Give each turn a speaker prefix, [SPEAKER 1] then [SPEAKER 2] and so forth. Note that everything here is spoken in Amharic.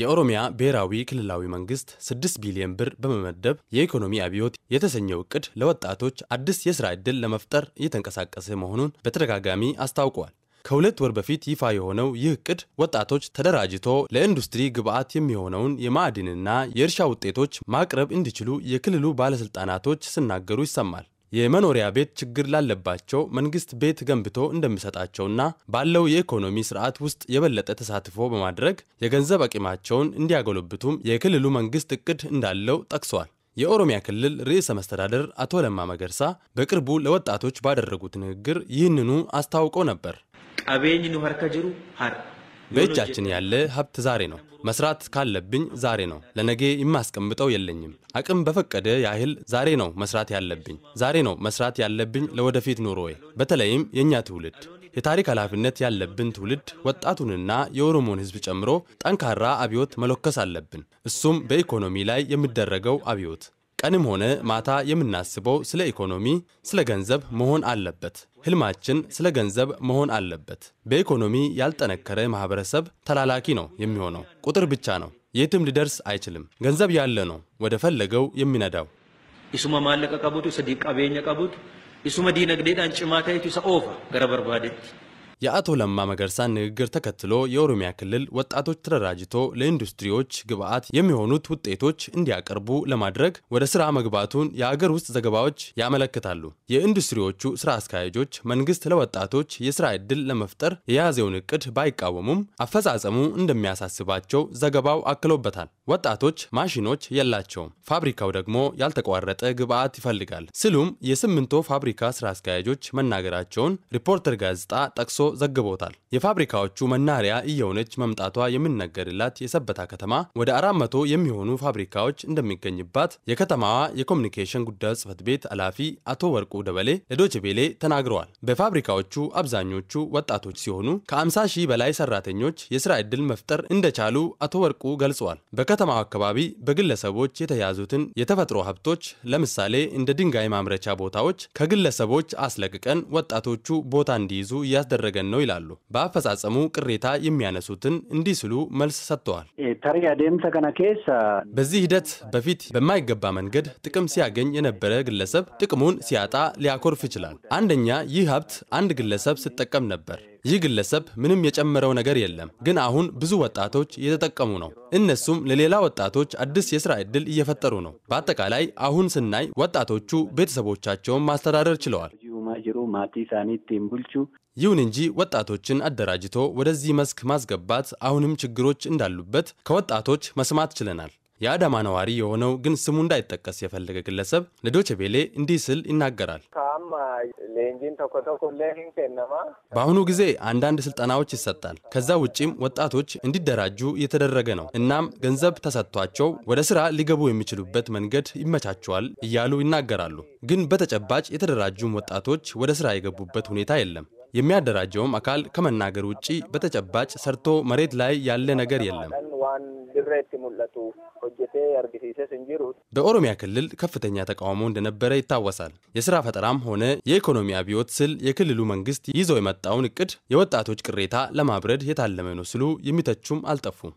[SPEAKER 1] የኦሮሚያ ብሔራዊ ክልላዊ መንግስት 6 ቢሊዮን ብር በመመደብ የኢኮኖሚ አብዮት የተሰኘው እቅድ ለወጣቶች አዲስ የስራ ዕድል ለመፍጠር እየተንቀሳቀሰ መሆኑን በተደጋጋሚ አስታውቋል። ከሁለት ወር በፊት ይፋ የሆነው ይህ እቅድ ወጣቶች ተደራጅቶ ለኢንዱስትሪ ግብዓት የሚሆነውን የማዕድንና የእርሻ ውጤቶች ማቅረብ እንዲችሉ የክልሉ ባለስልጣናቶች ሲናገሩ ይሰማል። የመኖሪያ ቤት ችግር ላለባቸው መንግስት ቤት ገንብቶ እንደሚሰጣቸውና ባለው የኢኮኖሚ ስርዓት ውስጥ የበለጠ ተሳትፎ በማድረግ የገንዘብ አቅማቸውን እንዲያጎለብቱም የክልሉ መንግስት እቅድ እንዳለው ጠቅሷል። የኦሮሚያ ክልል ርዕሰ መስተዳደር አቶ ለማ መገርሳ በቅርቡ ለወጣቶች ባደረጉት ንግግር ይህንኑ አስታውቀው ነበር። ቀቤኝ ኑ ሀርከ ጅሩ ሀር በእጃችን ያለ ሀብት ዛሬ ነው። መስራት ካለብኝ ዛሬ ነው። ለነገ የማስቀምጠው የለኝም። አቅም በፈቀደ ያህል ዛሬ ነው መስራት ያለብኝ። ዛሬ ነው መስራት ያለብኝ ለወደፊት ኑሮዬ። በተለይም የእኛ ትውልድ የታሪክ ኃላፊነት ያለብን ትውልድ ወጣቱንና የኦሮሞን ሕዝብ ጨምሮ ጠንካራ አብዮት መለኮስ አለብን። እሱም በኢኮኖሚ ላይ የሚደረገው አብዮት ቀንም ሆነ ማታ የምናስበው ስለ ኢኮኖሚ፣ ስለ ገንዘብ መሆን አለበት። ህልማችን ስለ ገንዘብ መሆን አለበት። በኢኮኖሚ ያልጠነከረ ማህበረሰብ ተላላኪ ነው የሚሆነው፣ ቁጥር ብቻ ነው፣ የትም ሊደርስ አይችልም። ገንዘብ ያለ ነው ወደ ፈለገው የሚነዳው። ይሱመ ማለቀ ቀቡት ሰዲ ቀቡት ይሱመ ዲነግዴዳን ጭማታይቱ ሰኦፋ ገረበርባዴት የአቶ ለማ መገርሳን ንግግር ተከትሎ የኦሮሚያ ክልል ወጣቶች ተደራጅቶ ለኢንዱስትሪዎች ግብአት የሚሆኑት ውጤቶች እንዲያቀርቡ ለማድረግ ወደ ስራ መግባቱን የአገር ውስጥ ዘገባዎች ያመለክታሉ። የኢንዱስትሪዎቹ ስራ አስኪያጆች መንግስት ለወጣቶች የስራ ዕድል ለመፍጠር የያዘውን እቅድ ባይቃወሙም አፈጻጸሙ እንደሚያሳስባቸው ዘገባው አክሎበታል። ወጣቶች ማሽኖች የላቸውም፣ ፋብሪካው ደግሞ ያልተቋረጠ ግብአት ይፈልጋል ሲሉም የስምንቶ ፋብሪካ ስራ አስኪያጆች መናገራቸውን ሪፖርተር ጋዜጣ ጠቅሶ ዘግቦታል። የፋብሪካዎቹ መናኸሪያ እየሆነች መምጣቷ የሚነገርላት የሰበታ ከተማ ወደ አራት መቶ የሚሆኑ ፋብሪካዎች እንደሚገኝባት የከተማዋ የኮሚኒኬሽን ጉዳዮች ጽህፈት ቤት ኃላፊ አቶ ወርቁ ደበሌ ለዶችቤሌ ተናግረዋል። በፋብሪካዎቹ አብዛኞቹ ወጣቶች ሲሆኑ ከ50 ሺህ በላይ ሰራተኞች የስራ ዕድል መፍጠር እንደቻሉ አቶ ወርቁ ገልጸዋል። በከተማው አካባቢ በግለሰቦች የተያዙትን የተፈጥሮ ሀብቶች ለምሳሌ እንደ ድንጋይ ማምረቻ ቦታዎች ከግለሰቦች አስለቅቀን ወጣቶቹ ቦታ እንዲይዙ እያስደረገ እያደረገን ነው ይላሉ። በአፈጻጸሙ ቅሬታ የሚያነሱትን እንዲህ ሲሉ መልስ ሰጥተዋል። በዚህ ሂደት በፊት በማይገባ መንገድ ጥቅም ሲያገኝ የነበረ ግለሰብ ጥቅሙን ሲያጣ ሊያኮርፍ ይችላል። አንደኛ ይህ ሀብት አንድ ግለሰብ ሲጠቀም ነበር። ይህ ግለሰብ ምንም የጨመረው ነገር የለም፣ ግን አሁን ብዙ ወጣቶች እየተጠቀሙ ነው። እነሱም ለሌላ ወጣቶች አዲስ የስራ ዕድል እየፈጠሩ ነው። በአጠቃላይ አሁን ስናይ ወጣቶቹ ቤተሰቦቻቸውን ማስተዳደር ችለዋል። ይሁን እንጂ ወጣቶችን አደራጅቶ ወደዚህ መስክ ማስገባት አሁንም ችግሮች እንዳሉበት ከወጣቶች መስማት ችለናል። የአዳማ ነዋሪ የሆነው ግን ስሙ እንዳይጠቀስ የፈለገ ግለሰብ ለዶችቤሌ እንዲህ ስል ይናገራል። በአሁኑ ጊዜ አንዳንድ ስልጠናዎች ይሰጣል። ከዛ ውጪም ወጣቶች እንዲደራጁ እየተደረገ ነው። እናም ገንዘብ ተሰጥቷቸው ወደ ስራ ሊገቡ የሚችሉበት መንገድ ይመቻቸዋል እያሉ ይናገራሉ። ግን በተጨባጭ የተደራጁም ወጣቶች ወደ ስራ የገቡበት ሁኔታ የለም። የሚያደራጀውም አካል ከመናገር ውጪ በተጨባጭ ሰርቶ መሬት ላይ ያለ ነገር የለም። በኦሮሚያ ክልል ከፍተኛ ተቃውሞ እንደነበረ ይታወሳል። የስራ ፈጠራም ሆነ የኢኮኖሚ አብዮት ስል የክልሉ መንግስት ይዞ የመጣውን እቅድ የወጣቶች ቅሬታ ለማብረድ የታለመ ነው ሲሉ የሚተቹም አልጠፉም።